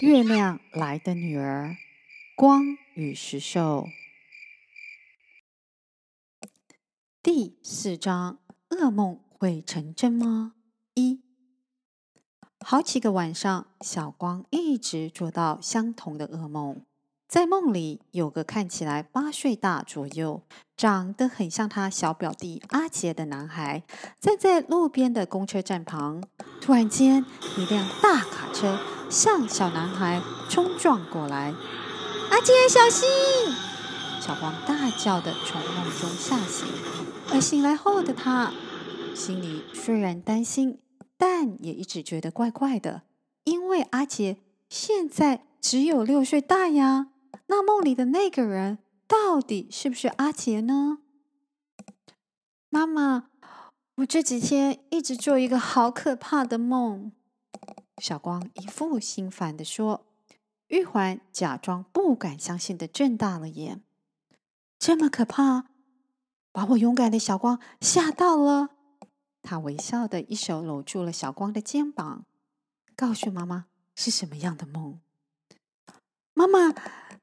月亮來的女兒，光與石獸第四章：噩夢會成真嗎？一好幾個晚上，小光一直做到相同的噩夢。在夢裡，有個看起來八歲大左右、長得很像他小表弟阿杰的男孩，站在路邊的公車站旁。突然間，一輛大卡車。向小男孩衝撞過來。阿姐，阿傑小心！小光大叫的從夢中嚇醒，而醒來後的她心裡雖然擔心，但也一直覺得怪怪的，因為阿杰現在只有六歲大呀。那夢裡的那個人到底是不是阿杰呢？媽媽，我這幾天一直做一個好可怕的夢。小光一副心煩的說：“玉環假裝不敢相信的睜大了眼，這麼可怕，把我勇敢的小光嚇到了。她微笑的一手摟住了小光的肩膀，告訴媽媽是什麼樣的夢。媽媽，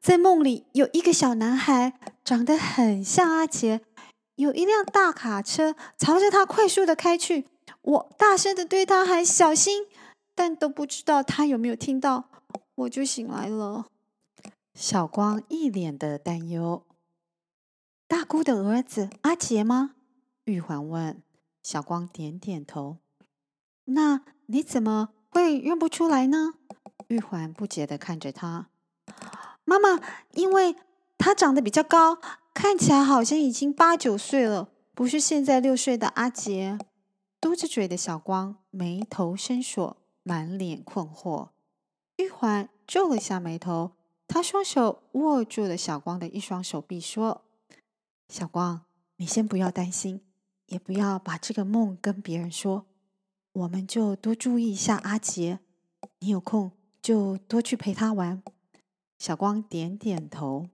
在夢裡有一個小男孩，長得很像阿杰，有一輛大卡車朝着他快速的開去，我大聲的對他喊小心。”但都不知道他有沒有聽到，我就醒來了。小光一臉的擔憂。大姑的兒子阿杰嗎？玉環問。小光點點頭。那你怎麼會認不出來呢？玉環不解的看着他。媽媽，因為他長得比較高，看起來好像已經八九歲了，不是現在六歲的阿杰。嘟着嘴的小光眉頭深鎖。滿臉困惑，玉環皺了一下眉頭。她雙手握住了小光的一雙手臂，說：“小光，你先不要擔心，也不要把這個夢跟別人說。我們就多注意一下阿傑。你有空就多去陪他玩。”小光點點頭：“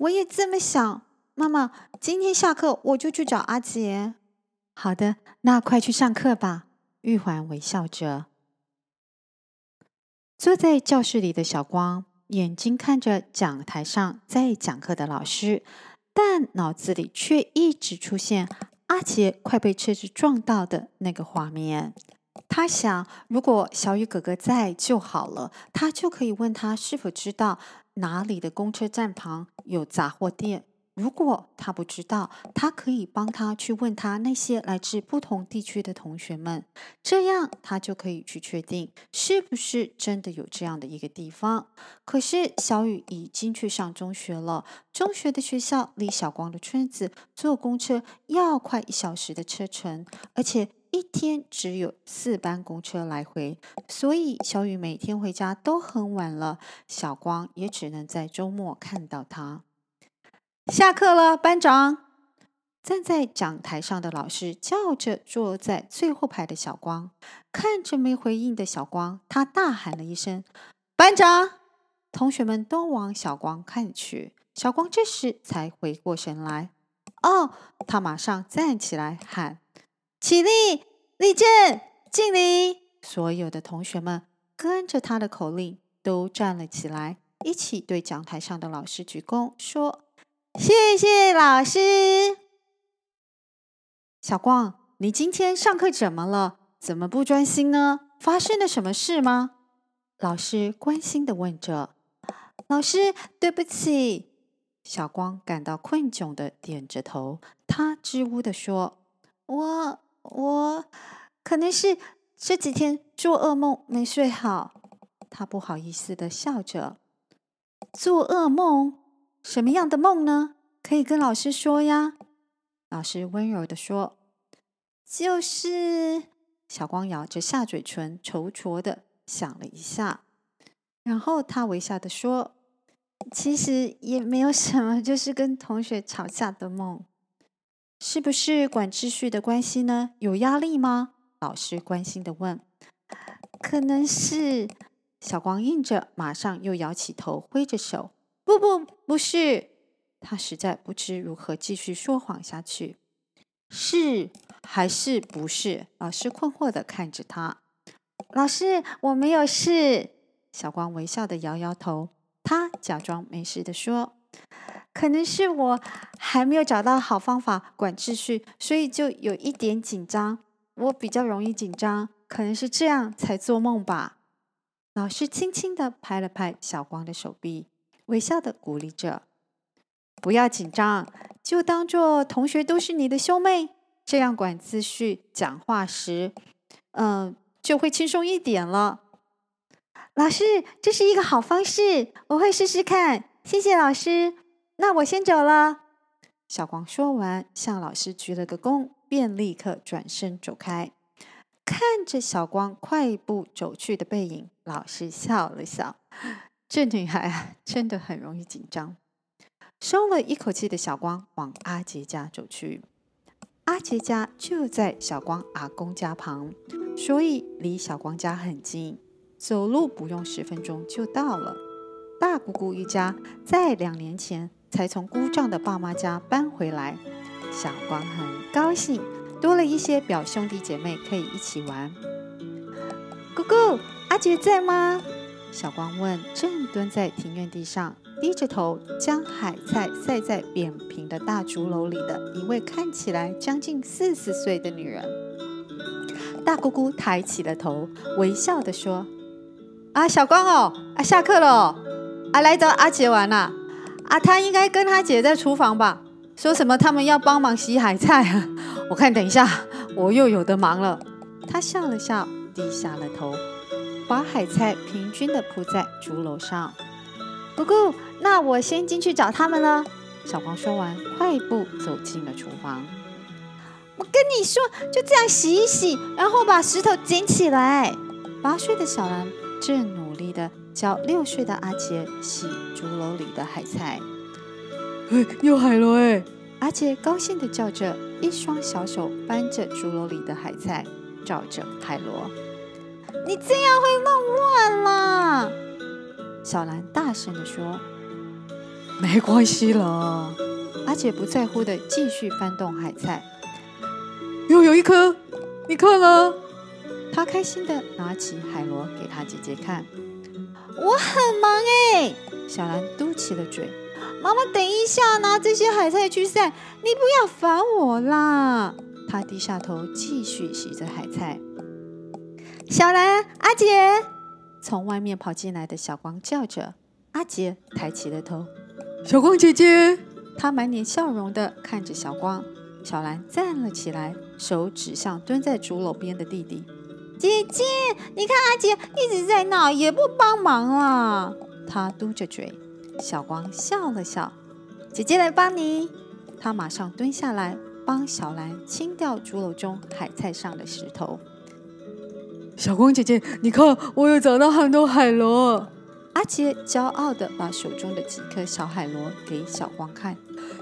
我也這麼想，媽媽。今天下課我就去找阿傑。”“好的，那快去上課吧。”玉環微笑着。坐在教室裡的小光，眼睛看着講台上在講課的老師，但腦子裡卻一直出現阿杰快被車子撞到的那個畫面。他想，如果小雨哥哥在就好了，他就可以問他是否知道哪裡的公車站旁有雜貨店。如果他不知道，他可以幫他去問他那些來自不同地區的同學們，這樣他就可以去確定是不是真的有這樣的一個地方。可是小雨已經去上中學了，中學的學校離小光的村子坐公車要快一小時的車程，而且一天只有四班公車來回，所以小雨每天回家都很晚了。小光也只能在周末看到他。下課了，班長。站在講台上的老師叫着坐在最後排的小光，看着沒回應的小光，他大喊了一聲：“班長！”同學們都往小光看去。小光這時才回過神來，哦，他馬上站起來喊：“起立，立正，敬禮！”所有的同學們跟着他的口令都站了起來，一起對講台上的老師鞠躬說。謝謝老師。小光，你今天上課怎麼了？怎麼不專心呢？發生了什麼事嗎？老師關心的問着。老師，對不起，小光感到困窘的點着頭，他支吾的說：“我我可能是這幾天做噩夢沒睡好。”他不好意思的笑着，做噩夢？什麼樣的夢呢？可以跟老師說呀。老師溫柔的說：“就是……”小光咬着下嘴唇，躊躇的想了一下，然後他微笑的說：“其實也沒有什麼，就是跟同學吵架的夢。”“是不是管秩序的關係呢？有壓力嗎？”老師關心的問。可能是。小光應着，馬上又搖起頭，揮着手。不不不是，他實在不知如何繼續說謊下去，是還是不是？老師困惑的看着他。老師，我沒有事。小光微笑的搖搖頭，他假裝沒事的說：“可能是我還沒有找到好方法管秩序，所以就有一點緊張。我比較容易緊張，可能是這樣才做夢吧。”老師輕輕的拍了拍小光的手臂。微笑的鼓勵着，不要緊張，就當做同學都是你的兄妹，這樣管秩序、講話時，嗯，就會輕鬆一點了。老師，這是一個好方式，我會試試看。謝謝老師，那我先走了。小光說完，向老師鞠了個躬，便立刻轉身走開。看着小光快步走去的背影，老師笑了笑。這女孩真的很容易緊張。鬆了一口氣的小光往阿傑家走去。阿傑家就在小光阿公家旁，所以離小光家很近，走路不用十分鐘就到了。大姑姑一家在兩年前才從姑丈的爸媽家搬回來，小光很高興，多了一些表兄弟姐妹可以一起玩。姑姑，阿傑在嗎？小光問正蹲在庭院地上低着頭將海菜曬在扁平的大竹簍裡的一位看起來將近四十歲的女人，大姑姑抬起了頭，微笑的說：“啊，小光哦，啊下課了哦，啊來找阿傑玩了，啊，啊他應該跟他姐在廚房吧？說什麼他們要幫忙洗海菜啊？我看等一下我又有的忙了。”他笑了笑，低下了頭。把海菜平均地鋪在竹簍上。姑姑，那我先進去找他們了。小黃說完，快步走進了廚房。我跟你說，就這樣洗一洗，然後把石頭撿起來。八歲的小藍正努力地教六歲的阿杰洗竹簍裡的海菜。嘿、哎，有海螺哎！阿杰高興地叫着，一雙小手搬着竹簍裡的海菜，照着海螺。你這樣會弄亂啦，小蘭大聲地說。沒關係啦，阿姐不在乎的繼續翻動海菜。又有一顆，你看啊！她開心的拿起海螺給她姐姐看。我很忙誒，小蘭嘟起了嘴。媽媽，等一下拿這些海菜去曬，你不要煩我啦。她低下頭繼續洗着海菜。小蘭，阿傑，從外面跑進來的小光叫着。阿傑抬起了頭。小光姐姐，她滿臉笑容地看着小光。小蘭站了起來，手指向蹲在竹簍邊的弟弟。姐姐，你看，阿傑一直在鬧，也不幫忙啊。她嘟着嘴。小光笑了笑。姐姐來幫你。她馬上蹲下來，幫小蘭清掉竹簍中海菜上的石頭。小光姐姐，你看，我有找到很多海螺。阿杰驕傲的把手中的幾顆小海螺給小光看。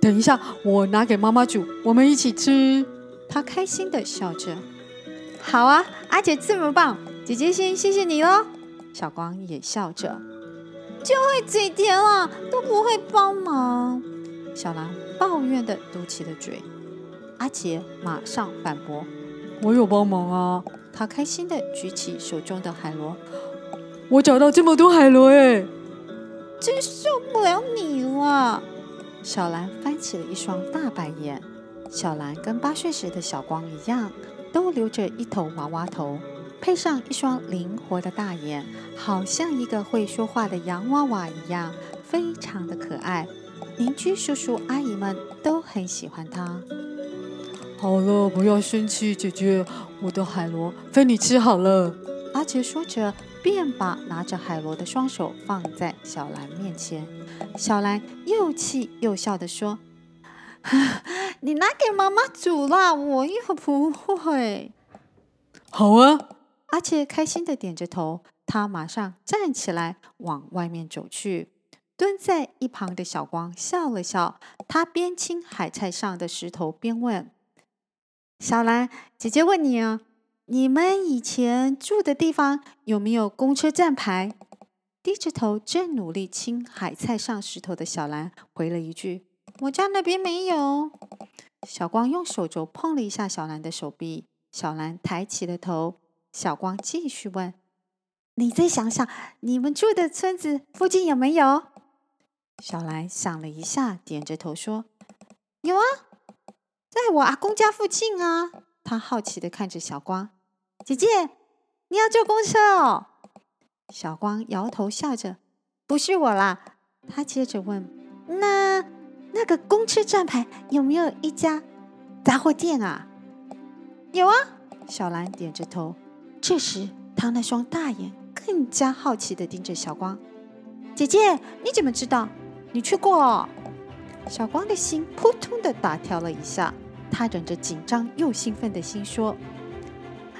等一下，我拿給媽媽煮，我們一起吃。他開心的笑着。好啊，阿杰這麼棒，姐姐先謝謝你哦。小光也笑着。就會嘴甜啊，都不會幫忙。小蘭抱怨地嘟起了嘴。阿杰馬上反駁：“我有幫忙啊。”他開心的舉起手中的海螺，我找到這麼多海螺哎，真受不了你哇！小蘭翻起了一雙大白眼。小蘭跟八歲時的小光一樣，都留着一頭娃娃頭，配上一雙靈活的大眼，好像一個會說話的洋娃娃一樣，非常的可愛。鄰居叔叔阿姨們都很喜歡他。好了，不要生氣，姐姐，我的海螺分你吃好了。阿杰說着，便把拿着海螺的雙手放在小蘭面前。小蘭又氣又笑的說：“ 你拿給媽媽煮了，我又不會。”好啊，阿杰開心的點着頭，他馬上站起來往外面走去。蹲在一旁的小光笑了笑，他邊清海菜上的石頭邊問。小蘭，姐姐問你哦，你們以前住的地方有沒有公車站牌？低着頭正努力清海菜上石頭的小蘭回了一句：“我家那邊沒有。”小光用手肘碰了一下小蘭的手臂，小蘭抬起了頭。小光繼續問：“你再想想，你們住的村子附近有沒有？”小蘭想了一下，點着頭說：“有啊。”在我阿公家附近啊。他好奇的看着小光，姐姐，你要坐公車哦？」小光搖頭笑着不是我啦。」他接着問，那那個公車站牌有沒有一家雜貨店啊？」有啊。小蘭點着頭這時，他那雙大眼更加好奇的盯着小光，姐姐，你怎麼知道？你去過哦？小光的心撲通的打跳了一下，他忍着緊張又興奮的心說：“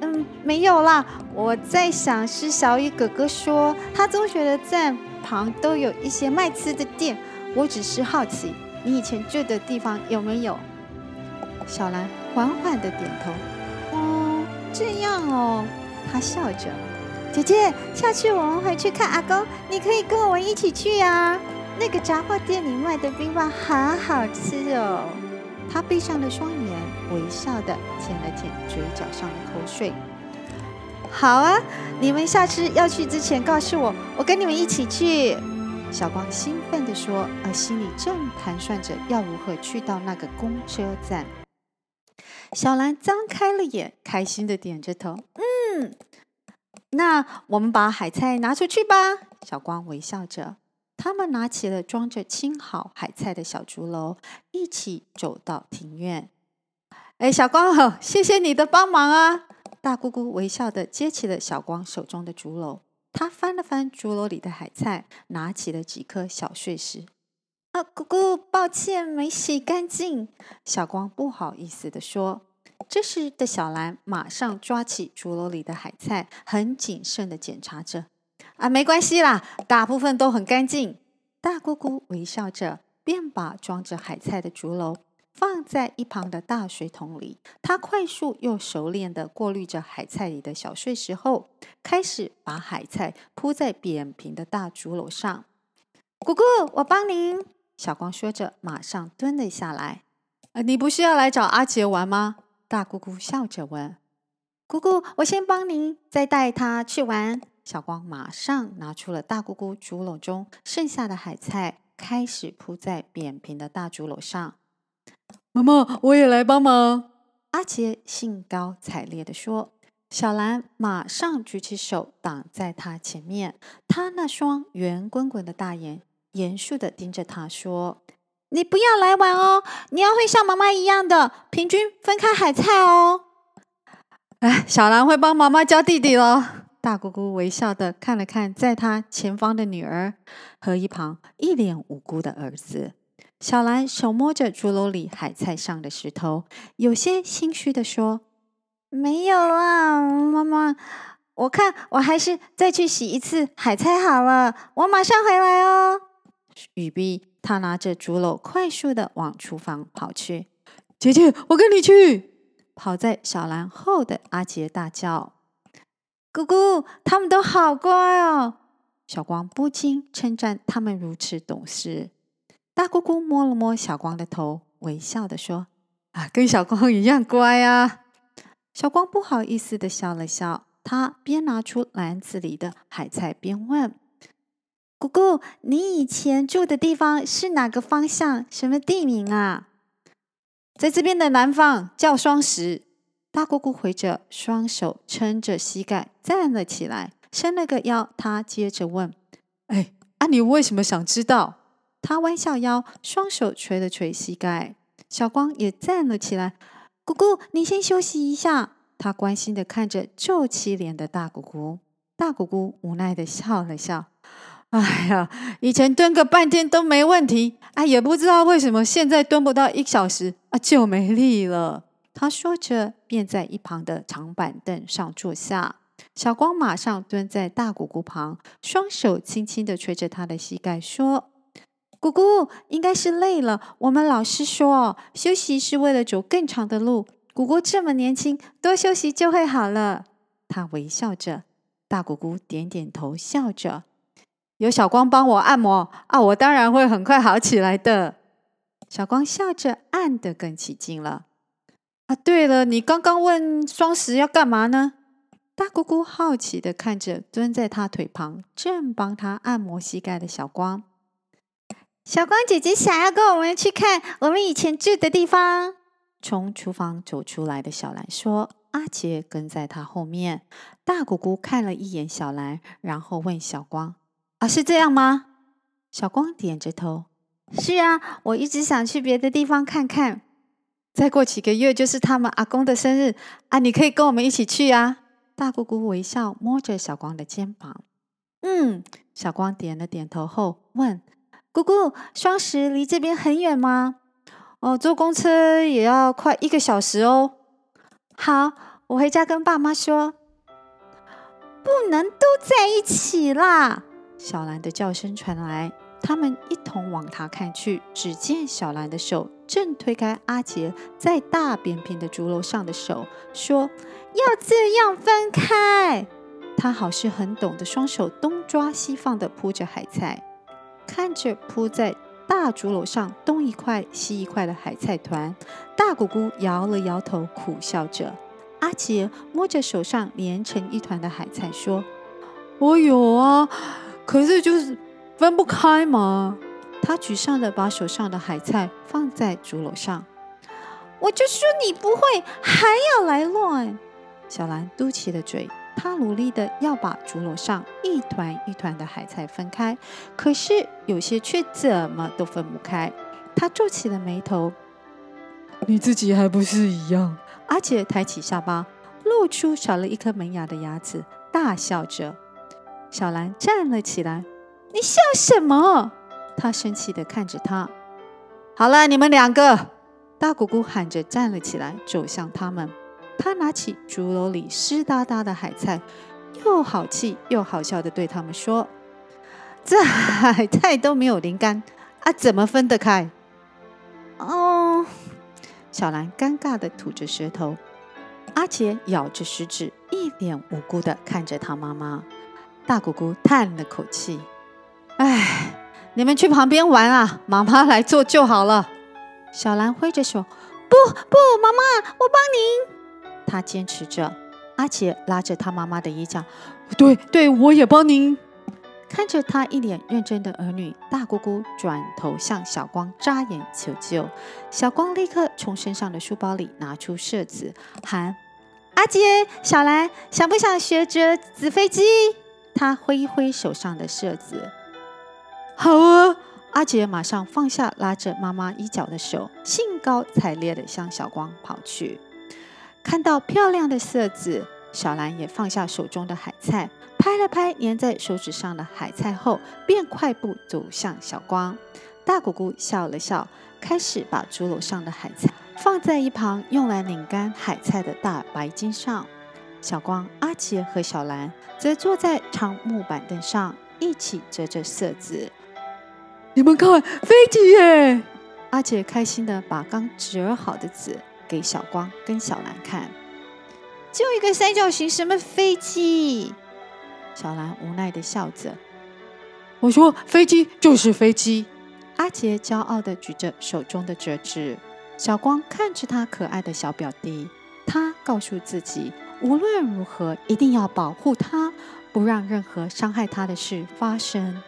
嗯，沒有啦，我在想是小雨哥哥說，他中學的站旁都有一些賣吃的店，我只是好奇，你以前住的地方有沒有？”小蘭緩緩地點頭：“哦，這樣哦。”她笑着：“姐姐，下次我們回去看阿公，你可以跟我們一起去呀。”那個雜貨店裡賣的冰棒好好吃哦。他閉上了雙眼，微笑的舔了舔嘴角上的口水。好啊，你們下次要去之前告訴我，我跟你們一起去。小光興奮地說，而心裡正盤算着要如何去到那個公車站。小蘭張開了眼，開心的點着頭。嗯，那我們把海菜拿出去吧。小光微笑着。他們拿起了裝着清好海菜的小竹簍，一起走到庭院。哎，小光，謝謝你的幫忙啊！大姑姑微笑的接起了小光手中的竹簍，她翻了翻竹簍裡的海菜，拿起了幾顆小碎石。啊，姑姑，抱歉，沒洗乾淨。小光不好意思的說。這時的小蘭馬上抓起竹簍裡的海菜，很謹慎的檢查着。啊，沒關係啦，大部分都很乾淨。大姑姑微笑着，便把裝着海菜的竹簍放在一旁的大水桶裡。她快速又熟練地過濾着海菜裡的小碎石後，開始把海菜鋪在扁平的大竹簍上。姑姑，我幫您。小光說着，馬上蹲了下來。啊，你不是要來找阿杰玩嗎？大姑姑笑着問。姑姑，我先幫您，再帶他去玩。小光馬上拿出了大姑姑竹簍中剩下的海菜，開始鋪在扁平的大竹簍上。媽媽，我也來幫忙！阿杰興高采烈的說。小藍馬上舉起手擋在他前面，他那雙圓滾滾的大眼嚴肅的盯着他說：“你不要來玩哦，你要會像媽媽一樣的平均分開海菜哦。”哎，小藍會幫媽媽教弟弟了。大姑姑微笑的看了看在她前方的女兒和一旁一臉無辜的兒子，小蘭手摸着竹簍裡海菜上的石頭，有些心虛的說：“沒有啊，媽媽，我看我還是再去洗一次海菜好了，我馬上回來哦。”語畢，她拿着竹簍快速的往廚房跑去。“姐姐，我跟你去！”跑在小蘭後的阿傑大叫。姑姑，他們都好乖哦！小光不禁稱讚他們如此懂事。大姑姑摸了摸小光的頭，微笑的說：“啊，跟小光一樣乖啊！”小光不好意思的笑了笑，他邊拿出籃子裡的海菜，邊問：“姑姑，你以前住的地方是哪個方向？什麼地名啊？”在這邊的南方叫雙石。大姑姑回着雙手撐着膝蓋站了起來，伸了個腰。她接着問：“哎，啊你為什麼想知道？”她彎下腰，雙手捶了捶膝蓋。小光也站了起來：“姑姑，你先休息一下。”他關心的看着皺起臉的大姑姑。大姑姑無奈的笑了笑：“哎呀，以前蹲個半天都沒問題，啊，也不知道為什麼現在蹲不到一小時啊，就沒力了。”他說着，便在一旁的長板凳上坐下。小光馬上蹲在大姑姑旁，雙手輕輕的捶着他的膝蓋，說：“姑姑應該是累了。我們老師說，休息是為了走更長的路。姑姑這麼年輕，多休息就會好了。”他微笑着，大姑姑點點頭，笑着：“有小光幫我按摩啊，我當然會很快好起來的。”小光笑着，按得更起勁了。啊，對了，你剛剛問雙十要幹嘛呢？大姑姑好奇的看着蹲在她腿旁，正幫她按摩膝蓋的小光。小光姐姐想要跟我們去看我們以前住的地方。從廚房走出來的小蘭說，阿杰跟在她後面。大姑姑看了一眼小蘭，然後問小光：“啊，是這樣嗎？”小光點着頭：“是啊，我一直想去別的地方看看。”再過幾個月就是他們阿公的生日啊！你可以跟我們一起去啊！大姑姑微笑，摸着小光的肩膀。嗯，小光點了點頭後問：“姑姑，雙十離這邊很遠嗎？”“哦，坐公車也要快一個小時哦。”“好，我回家跟爸媽說，不能都在一起啦。”小蘭的叫聲傳來，他們一同往他看去，只見小蘭的手。正推開阿杰在大扁扁的竹簍上的手，說：“要這樣分開。”他好似很懂得雙手東抓西放的鋪着海菜，看着鋪在大竹簍上東一塊西一塊的海菜團，大姑姑搖了搖頭，苦笑着。阿杰摸着手上連成一團的海菜說：“我有啊，可是就是分不開嘛。”他沮喪地把手上的海菜放在竹簍上。我就說，你不會還要來亂。小蘭嘟起了嘴，她努力地要把竹簍上一團一團的海菜分開，可是有些卻怎麼都分不開。她皺起了眉頭。你自己還不是一樣？阿傑抬起下巴，露出少了一顆門牙的牙齒，大笑着。小蘭站了起來，你笑什麼？他生氣地看着他。好了，你們兩個！大姑姑喊着站了起來，走向他們。她拿起竹簍裡濕噠噠的海菜，又好氣又好笑地對他們說：“這海菜都沒有晾乾啊，怎麼分得開？”哦，小蘭尷尬地吐着舌頭，阿杰咬着食指，一臉無辜地看着他媽媽。大姑姑嘆了口氣：“唉。”你們去旁邊玩啊，媽媽來做就好了。小蘭揮着手不不，媽媽，我幫您。她堅持着。阿杰拉着他媽媽的衣角對對，我也幫您。看着她一臉認真的兒女，大姑姑轉頭向小光眨眼求救。小光立刻從身上的書包裡拿出色子，喊：“阿杰、啊，小蘭，想不想學折紙飛機？”他揮一揮手上的色子。好啊！阿傑馬上放下拉着媽媽衣角的手，興高采烈地向小光跑去。看到漂亮的色子，小藍也放下手中的海菜，拍了拍粘在手指上的海菜後，便快步走向小光。大姑姑笑了笑，開始把竹簍上的海菜放在一旁用來擰乾海菜的大白巾上。小光、阿傑和小藍則坐在長木板凳上一起折着色子。你們看飛機耶！阿傑開心的把剛折好的紙給小光跟小蘭看，就一個三角形，什麼飛機？小蘭無奈的笑着。我說飛機就是飛機。阿傑驕傲的舉着手中的折紙。小光看着他可愛的小表弟，他告訴自己，無論如何一定要保護他，不讓任何傷害他的事發生。